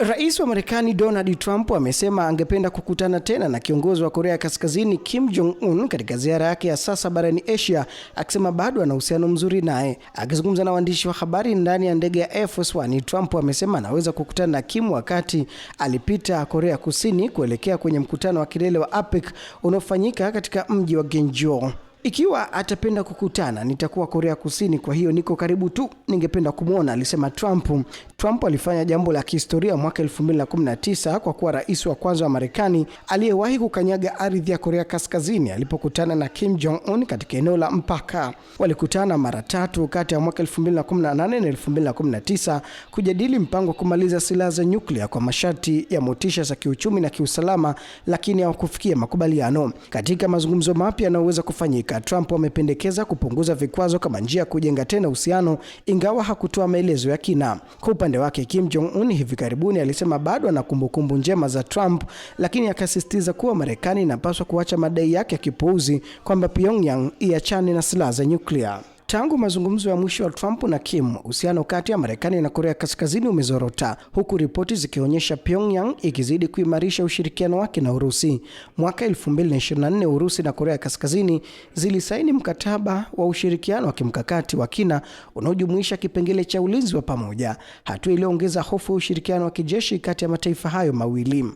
Rais wa Marekani Donald Trump amesema angependa kukutana tena na kiongozi wa Korea Kaskazini Kim Jong Un katika ziara yake ya sasa barani Asia, akisema bado ana uhusiano mzuri naye. Akizungumza na waandishi wa habari ndani ya ndege ya Air Force One, Trump amesema anaweza kukutana na Kim wakati alipita Korea Kusini kuelekea kwenye mkutano wa kilele wa APEC unaofanyika katika mji wa Gyeongju. Ikiwa atapenda kukutana, nitakuwa Korea Kusini, kwa hiyo niko karibu tu, ningependa kumwona, alisema Trump. Trump alifanya jambo la kihistoria mwaka 2019 kwa kuwa rais wa kwanza wa Marekani aliyewahi kukanyaga ardhi ya Korea Kaskazini alipokutana na Kim Jong Un katika eneo la mpaka. Walikutana mara tatu kati ya mwaka 2018 na 2019 kujadili mpango wa kumaliza silaha za nyuklia kwa masharti ya motisha za kiuchumi na kiusalama, lakini hawakufikia makubaliano. Katika mazungumzo mapya yanayoweza kufanyika kadhalika, Trump amependekeza kupunguza vikwazo kama njia ya kujenga tena uhusiano, ingawa hakutoa maelezo ya kina. Kwa upande wake, Kim Jong Un hivi karibuni alisema bado ana kumbukumbu njema za Trump, lakini akasisitiza kuwa Marekani inapaswa kuacha madai yake ya kipuuzi kwamba Pyongyang iachane na silaha za nyuklia. Tangu mazungumzo ya mwisho ya Trump na Kim, uhusiano kati ya Marekani na Korea Kaskazini umezorota, huku ripoti zikionyesha Pyongyang ikizidi kuimarisha ushirikiano wake na Urusi. Mwaka 2024 Urusi na Korea Kaskazini zilisaini mkataba wa ushirikiano wa kimkakati wa kina unaojumuisha kipengele cha ulinzi wa pamoja, hatua iliyoongeza hofu ya ushirikiano wa kijeshi kati ya mataifa hayo mawili.